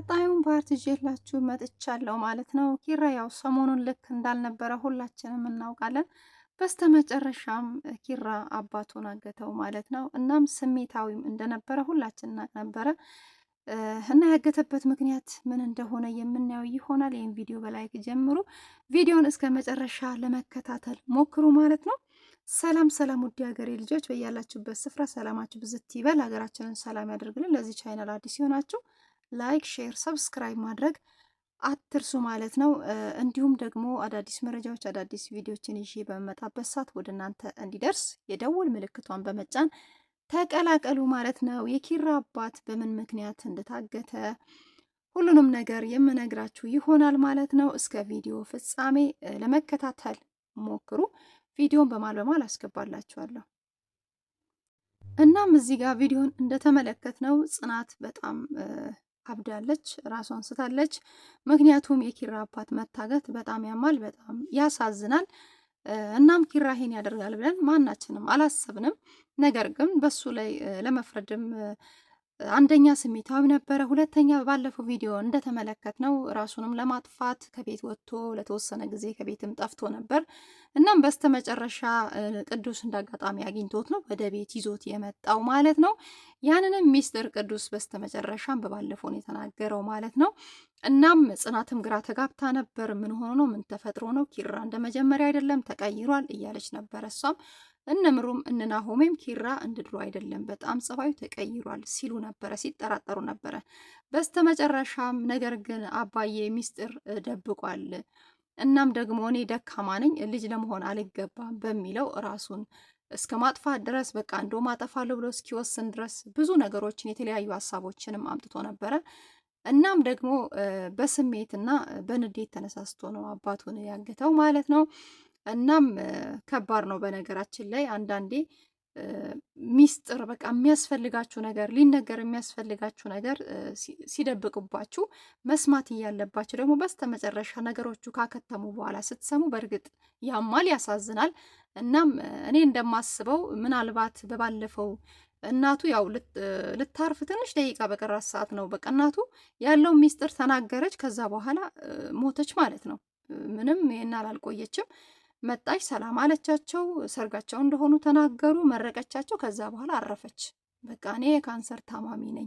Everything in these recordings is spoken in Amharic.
ቀጣዩን ፓርት ይዤላችሁ መጥቻለሁ ማለት ነው። ኪራ ያው ሰሞኑን ልክ እንዳልነበረ ሁላችንም እናውቃለን። በስተመጨረሻም ኪራ አባቱን አገተው ማለት ነው። እናም ስሜታዊም እንደነበረ ሁላችን ነበረ እና ያገተበት ምክንያት ምን እንደሆነ የምናየው ይሆናል። ይህም ቪዲዮ በላይክ ጀምሩ፣ ቪዲዮን እስከ መጨረሻ ለመከታተል ሞክሩ ማለት ነው። ሰላም ሰላም፣ ውድ ሀገሬ ልጆች በያላችሁበት ስፍራ ሰላማችሁ ብዝት ይበል። ሀገራችንን ሰላም ያደርግልን። ለዚህ ቻይናል አዲስ ይሆናችሁ ላይክ፣ ሼር፣ ሰብስክራይብ ማድረግ አትርሱ ማለት ነው። እንዲሁም ደግሞ አዳዲስ መረጃዎች፣ አዳዲስ ቪዲዮዎችን ይዤ በመጣበት ሰዓት ወደ እናንተ እንዲደርስ የደውል ምልክቷን በመጫን ተቀላቀሉ ማለት ነው። የኪራ አባት በምን ምክንያት እንደታገተ ሁሉንም ነገር የምነግራችሁ ይሆናል ማለት ነው። እስከ ቪዲዮ ፍጻሜ ለመከታተል ሞክሩ። ቪዲዮን በማል በማል አስገባላችኋለሁ። እናም እዚህ ጋር ቪዲዮን ነው ጽናት በጣም አብዳለች፣ ራሷን ስታለች። ምክንያቱም የኪራ አባት መታገት በጣም ያማል፣ በጣም ያሳዝናል። እናም ኪራ ይሄን ያደርጋል ብለን ማናችንም አላሰብንም። ነገር ግን በሱ ላይ ለመፍረድም አንደኛ ስሜታዊ ነበረ፣ ሁለተኛ ባለፈው ቪዲዮ እንደተመለከት ነው ራሱንም ለማጥፋት ከቤት ወጥቶ ለተወሰነ ጊዜ ከቤትም ጠፍቶ ነበር። እናም በስተመጨረሻ ቅዱስ እንዳጋጣሚ አግኝቶት ነው ወደ ቤት ይዞት የመጣው ማለት ነው። ያንንም ሚስጥር ቅዱስ በስተመጨረሻም በባለፈው የተናገረው ማለት ነው። እናም ጽናትም ግራ ተጋብታ ነበር። ምን ሆኖ ነው? ምን ተፈጥሮ ነው? ኪራ እንደ መጀመሪያ አይደለም ተቀይሯል እያለች ነበር። እሷም እነምሩም እነናሆሜም ኪራ እንድድሮ አይደለም በጣም ጸባዩ ተቀይሯል ሲሉ ነበረ፣ ሲጠራጠሩ ነበረ። በስተመጨረሻም ነገር ግን አባዬ ሚስጥር ደብቋል እናም ደግሞ እኔ ደካማ ነኝ ልጅ ለመሆን አልገባም በሚለው ራሱን እስከ ማጥፋት ድረስ በቃ እንደውም አጠፋለሁ ብሎ እስኪወስን ድረስ ብዙ ነገሮችን የተለያዩ ሀሳቦችንም አምጥቶ ነበረ። እናም ደግሞ በስሜትና በንዴት ተነሳስቶ ነው አባቱን ያገተው ማለት ነው። እናም ከባድ ነው። በነገራችን ላይ አንዳንዴ ሚስጥር በቃ የሚያስፈልጋችሁ ነገር ሊነገር የሚያስፈልጋችሁ ነገር ሲደብቅባችሁ መስማት እያለባችሁ ደግሞ በስተመጨረሻ ነገሮቹ ካከተሙ በኋላ ስትሰሙ በእርግጥ ያማል፣ ያሳዝናል። እናም እኔ እንደማስበው ምናልባት በባለፈው እናቱ ያው ልታርፍ ትንሽ ደቂቃ በቀራት ሰዓት ነው። በቃ እናቱ ያለው ሚስጥር ተናገረች። ከዛ በኋላ ሞተች ማለት ነው። ምንም ይሄን አላልቆየችም። መጣች፣ ሰላም አለቻቸው። ሰርጋቸው እንደሆኑ ተናገሩ፣ መረቀቻቸው። ከዛ በኋላ አረፈች። በቃ እኔ የካንሰር ታማሚ ነኝ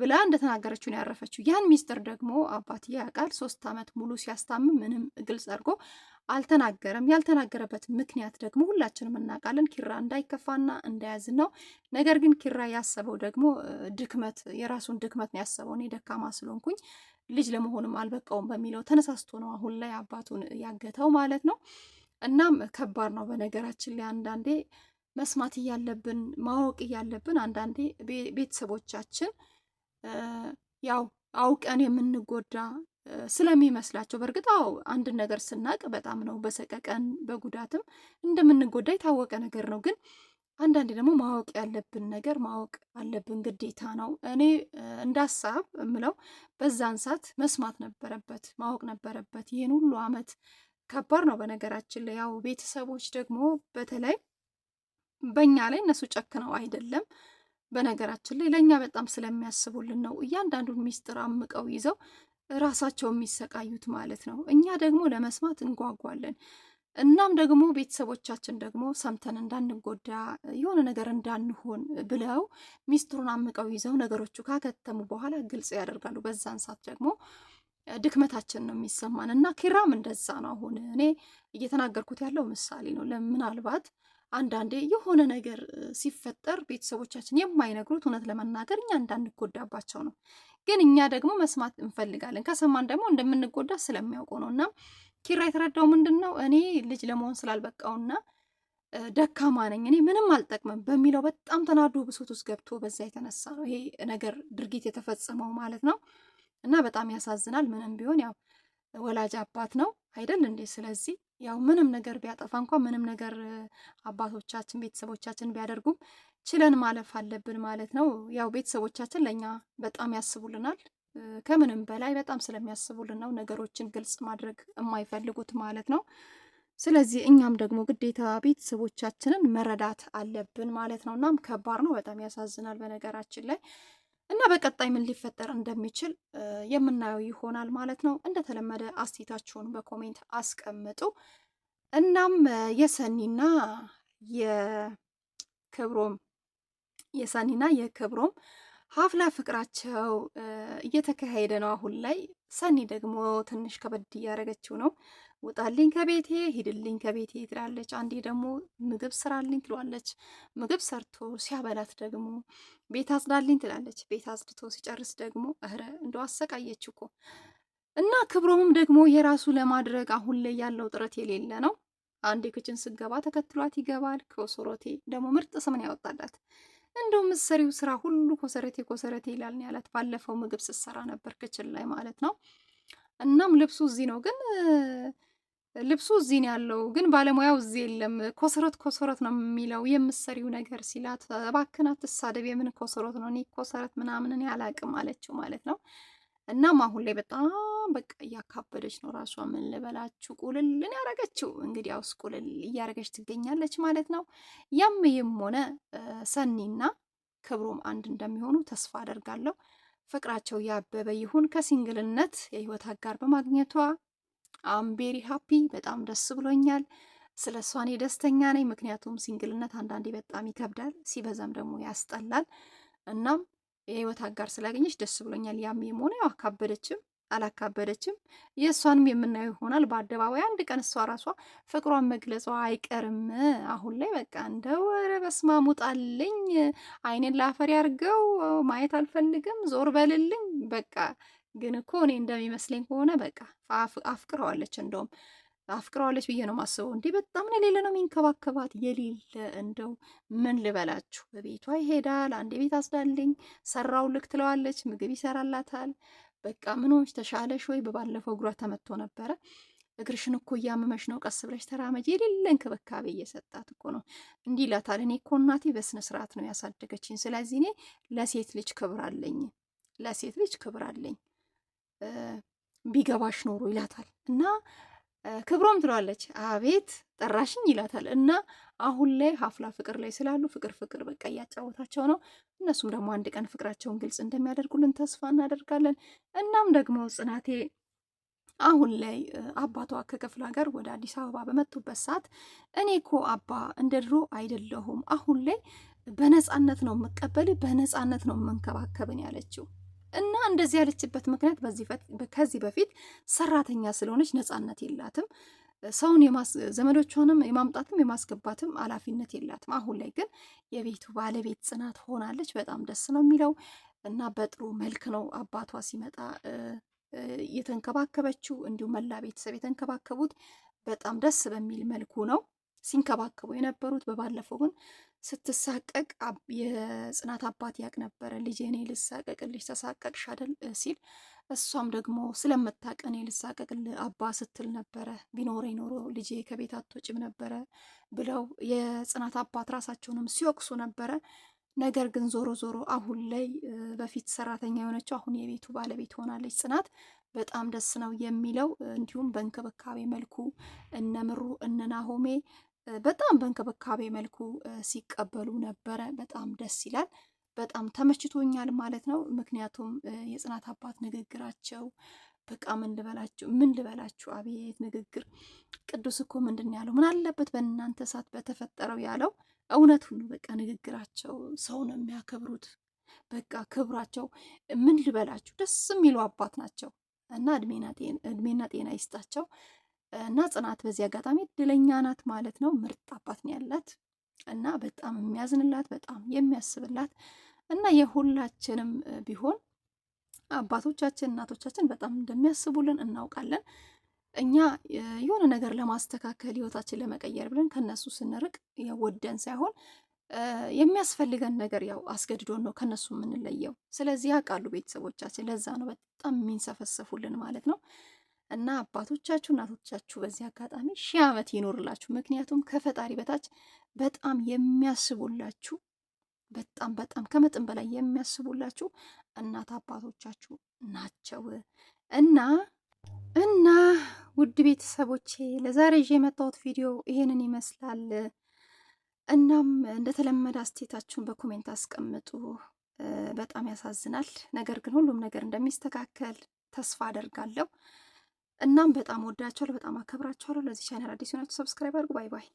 ብላ እንደተናገረችው ነው ያረፈችው። ያን ሚስጥር ደግሞ አባትዬ ያውቃል። ሶስት ዓመት ሙሉ ሲያስታምም ምንም ግልጽ አድርጎ አልተናገረም። ያልተናገረበት ምክንያት ደግሞ ሁላችንም እናውቃለን። ኪራ እንዳይከፋና እንዳያዝን ነው። ነገር ግን ኪራ ያሰበው ደግሞ ድክመት፣ የራሱን ድክመት ነው ያሰበው። እኔ ደካማ ስለሆንኩኝ ልጅ ለመሆንም አልበቃውም በሚለው ተነሳስቶ ነው አሁን ላይ አባቱን ያገተው ማለት ነው። እናም ከባድ ነው። በነገራችን ላይ አንዳንዴ መስማት እያለብን ማወቅ እያለብን አንዳንዴ ቤተሰቦቻችን ያው አውቀን የምንጎዳ ስለሚመስላቸው በእርግጥ አዎ አንድን ነገር ስናቅ በጣም ነው በሰቀቀን በጉዳትም እንደምንጎዳ የታወቀ ነገር ነው። ግን አንዳንዴ ደግሞ ማወቅ ያለብን ነገር ማወቅ አለብን፣ ግዴታ ነው። እኔ እንደ ሀሳብ የምለው በዛን ሰዓት መስማት ነበረበት፣ ማወቅ ነበረበት። ይህን ሁሉ አመት ከባድ ነው። በነገራችን ላይ ያው ቤተሰቦች ደግሞ በተለይ በእኛ ላይ እነሱ ጨክነው አይደለም በነገራችን ላይ ለእኛ በጣም ስለሚያስቡልን ነው እያንዳንዱን ሚስጥር አምቀው ይዘው ራሳቸው የሚሰቃዩት ማለት ነው። እኛ ደግሞ ለመስማት እንጓጓለን። እናም ደግሞ ቤተሰቦቻችን ደግሞ ሰምተን እንዳንጎዳ የሆነ ነገር እንዳንሆን ብለው ሚስጥሩን አምቀው ይዘው ነገሮቹ ካከተሙ በኋላ ግልጽ ያደርጋሉ። በዛን ሰዓት ደግሞ ድክመታችን ነው የሚሰማን እና ኪራም እንደዛ ነው። አሁን እኔ እየተናገርኩት ያለው ምሳሌ ነው። ምናልባት አንዳንዴ የሆነ ነገር ሲፈጠር ቤተሰቦቻችን የማይነግሩት እውነት ለመናገር እኛ እንዳንጎዳባቸው ነው። ግን እኛ ደግሞ መስማት እንፈልጋለን። ከሰማን ደግሞ እንደምንጎዳ ስለሚያውቁ ነው እና ኪራ የተረዳው ምንድን ነው እኔ ልጅ ለመሆን ስላልበቃውና ደካማ ነኝ እኔ ምንም አልጠቅምም በሚለው በጣም ተናዶ ብሶት ውስጥ ገብቶ በዛ የተነሳ ነው ይሄ ነገር ድርጊት የተፈጸመው ማለት ነው። እና በጣም ያሳዝናል። ምንም ቢሆን ያው ወላጅ አባት ነው አይደል እንዴ? ስለዚህ ያው ምንም ነገር ቢያጠፋ እንኳ ምንም ነገር አባቶቻችን ቤተሰቦቻችን ቢያደርጉም ችለን ማለፍ አለብን ማለት ነው። ያው ቤተሰቦቻችን ለእኛ በጣም ያስቡልናል። ከምንም በላይ በጣም ስለሚያስቡልን ነው ነገሮችን ግልጽ ማድረግ የማይፈልጉት ማለት ነው። ስለዚህ እኛም ደግሞ ግዴታ ቤተሰቦቻችንን መረዳት አለብን ማለት ነው። እናም ከባድ ነው፣ በጣም ያሳዝናል በነገራችን ላይ እና በቀጣይ ምን ሊፈጠር እንደሚችል የምናየው ይሆናል ማለት ነው። እንደተለመደ አስቴታችሁን በኮሜንት አስቀምጡ። እናም የሰኒና የክብሮም የሰኒና የክብሮም ሀፍላ ፍቅራቸው እየተካሄደ ነው አሁን ላይ። ሰኒ ደግሞ ትንሽ ከበድ እያደረገችው ነው። ውጣልኝ ከቤቴ ሂድልኝ ከቤቴ ትላለች። አንዴ ደግሞ ምግብ ስራልኝ ትሏለች። ምግብ ሰርቶ ሲያበላት ደግሞ ቤት አጽዳልኝ ትላለች። ቤት አጽድቶ ሲጨርስ ደግሞ እረ እንደ አሰቃየች እኮ እና ክብሮም ደግሞ የራሱ ለማድረግ አሁን ላይ ያለው ጥረት የሌለ ነው። አንዴ ክችን ስገባ ተከትሏት ይገባል። ክሮሶሮቴ ደግሞ ምርጥ ስምን ያወጣላት እንደው ምሰሪው ስራ ሁሉ ኮሰረቴ ኮሰረቴ ይላል ያላት። ባለፈው ምግብ ስሰራ ነበር ክችል ላይ ማለት ነው። እናም ልብሱ እዚህ ነው ግን ልብሱ እዚህ ነው ያለው ግን ባለሙያው እዚህ የለም። ኮሰረት ኮሰረት ነው የሚለው የምሰሪው ነገር ሲላት፣ እባክህን አትሳደብ፣ የምን ኮሰረት ነው? እኔ ኮሰረት ምናምን እኔ አለችው ማለት ነው። እናም አሁን ላይ በጣም በቃ እያካበደች ነው ራሷ። ምን ልበላችሁ ቁልልን ያረገችው እንግዲህ ያውስ ቁልል እያረገች ትገኛለች ማለት ነው። ያም ይህም ሆነ ሰኒና ክብሮም አንድ እንደሚሆኑ ተስፋ አደርጋለሁ። ፍቅራቸው ያበበ ይሁን። ከሲንግልነት የህይወት አጋር በማግኘቷ አምቤሪ ሀፒ በጣም ደስ ብሎኛል። ስለ እሷ እኔ ደስተኛ ነኝ። ምክንያቱም ሲንግልነት አንዳንዴ በጣም ይከብዳል፣ ሲበዛም ደግሞ ያስጠላል። እናም የህይወት አጋር ስላገኘች ደስ ብሎኛል። ያም የሆነ ያው አካበደችም አላካበደችም። የእሷንም የምናየው ይሆናል በአደባባይ አንድ ቀን እሷ ራሷ ፍቅሯን መግለጿ አይቀርም። አሁን ላይ በቃ እንደው ኧረ በስመ አብ ውጣልኝ፣ አይኔን ላፈር ያርገው፣ ማየት አልፈልግም፣ ዞር በልልኝ። በቃ ግን እኮ እኔ እንደሚመስለኝ ከሆነ በቃ አፍቅረዋለች እንደውም አፍቅረዋለች ብዬ ነው ማስበው። እንዲህ በጣም ነው የሌለ ነው የሚንከባከባት የሌለ እንደው ምን ልበላችሁ፣ በቤቷ ይሄዳል። አንድ ቤት አስዳልኝ ሰራው ልክ ትለዋለች፣ ምግብ ይሰራላታል። በቃ ምን ሆንሽ ተሻለሽ ወይ? በባለፈው እግሯ ተመቶ ነበረ። እግርሽን እኮ እያመመሽ ነው፣ ቀስ ብለሽ ተራመጅ። የሌለ እንክብካቤ እየሰጣት እኮ ነው። እንዲህ ይላታል። እኔ እኮ እናቴ በስነ ስርዓት ነው ያሳደገችኝ። ስለዚህ እኔ ለሴት ልጅ ክብር አለኝ፣ ለሴት ልጅ ክብር አለኝ ቢገባሽ ኖሮ ይላታል እና ክብሮም ትለዋለች። አቤት ጠራሽኝ ይላታል። እና አሁን ላይ ሀፍላ ፍቅር ላይ ስላሉ ፍቅር ፍቅር በቃ እያጫወታቸው ነው። እነሱም ደግሞ አንድ ቀን ፍቅራቸውን ግልጽ እንደሚያደርጉልን ተስፋ እናደርጋለን። እናም ደግሞ ጽናቴ አሁን ላይ አባቷ ከክፍለ ሀገር ወደ አዲስ አበባ በመጡበት ሰዓት እኔ እኮ አባ እንደ ድሮ አይደለሁም፣ አሁን ላይ በነፃነት ነው የምቀበል፣ በነፃነት ነው የምንከባከብን ያለችው እና እንደዚህ ያለችበት ምክንያት ከዚህ በፊት ሰራተኛ ስለሆነች ነፃነት የላትም። ሰውን ዘመዶቿንም የማምጣትም የማስገባትም ኃላፊነት የላትም። አሁን ላይ ግን የቤቱ ባለቤት ጽናት ሆናለች። በጣም ደስ ነው የሚለው እና በጥሩ መልክ ነው አባቷ ሲመጣ የተንከባከበችው፣ እንዲሁም መላ ቤተሰብ የተንከባከቡት በጣም ደስ በሚል መልኩ ነው ሲንከባከቡ የነበሩት። በባለፈው ግን ስትሳቀቅ የጽናት አባት ያቅ ነበረ። ልጄ እኔ ልሳቀቅልሽ ተሳቀቅሽ አይደል ሲል እሷም ደግሞ ስለምታውቅ እኔ ልሳቀቅል አባ ስትል ነበረ። ቢኖረ ኖሮ ልጄ ከቤት አትወጭም ነበረ ብለው የጽናት አባት ራሳቸውንም ሲወቅሱ ነበረ። ነገር ግን ዞሮ ዞሮ አሁን ላይ በፊት ሰራተኛ የሆነችው አሁን የቤቱ ባለቤት ሆናለች ጽናት። በጣም ደስ ነው የሚለው። እንዲሁም በእንክብካቤ መልኩ እነ ምሩ እነ ናሆሜ በጣም በእንክብካቤ መልኩ ሲቀበሉ ነበረ። በጣም ደስ ይላል። በጣም ተመችቶኛል ማለት ነው። ምክንያቱም የጽናት አባት ንግግራቸው በቃ ምን ልበላችሁ ምን ልበላችሁ፣ አቤት ንግግር። ቅዱስ እኮ ምንድን ያለው ምን አለበት በእናንተ እሳት በተፈጠረው ያለው ሁሉ በቃ ንግግራቸው ሰው ነው የሚያከብሩት። በቃ ክብራቸው ምን ልበላችሁ፣ ደስ የሚሉ አባት ናቸው እና እድሜና ጤና ይስጣቸው። እና ጽናት በዚህ አጋጣሚ እድለኛ ናት ማለት ነው። ምርጥ አባት ነው ያላት እና በጣም የሚያዝንላት በጣም የሚያስብላት እና የሁላችንም ቢሆን አባቶቻችን እናቶቻችን በጣም እንደሚያስቡልን እናውቃለን። እኛ የሆነ ነገር ለማስተካከል ህይወታችን ለመቀየር ብለን ከነሱ ስንርቅ ወደን ሳይሆን የሚያስፈልገን ነገር ያው አስገድዶን ነው ከነሱ የምንለየው። ስለዚህ ያውቃሉ ቤተሰቦቻችን። ለዛ ነው በጣም የሚንሰፈሰፉልን ማለት ነው። እና አባቶቻችሁ እናቶቻችሁ በዚህ አጋጣሚ ሺህ ዓመት ይኖርላችሁ። ምክንያቱም ከፈጣሪ በታች በጣም የሚያስቡላችሁ በጣም በጣም ከመጠን በላይ የሚያስቡላችሁ እናት አባቶቻችሁ ናቸው እና እና ውድ ቤተሰቦቼ ለዛሬ ይዤ የመጣሁት ቪዲዮ ይሄንን ይመስላል። እናም እንደተለመደ አስቴታችሁን በኮሜንት አስቀምጡ። በጣም ያሳዝናል፣ ነገር ግን ሁሉም ነገር እንደሚስተካከል ተስፋ አደርጋለሁ። እናም በጣም ወዳቸዋል፣ በጣም አከብራቸዋለሁ። ለዚህ ቻናል አዲስ ሆናችሁ ሰብስክራይብ አድርጉ። ባይ ባይ።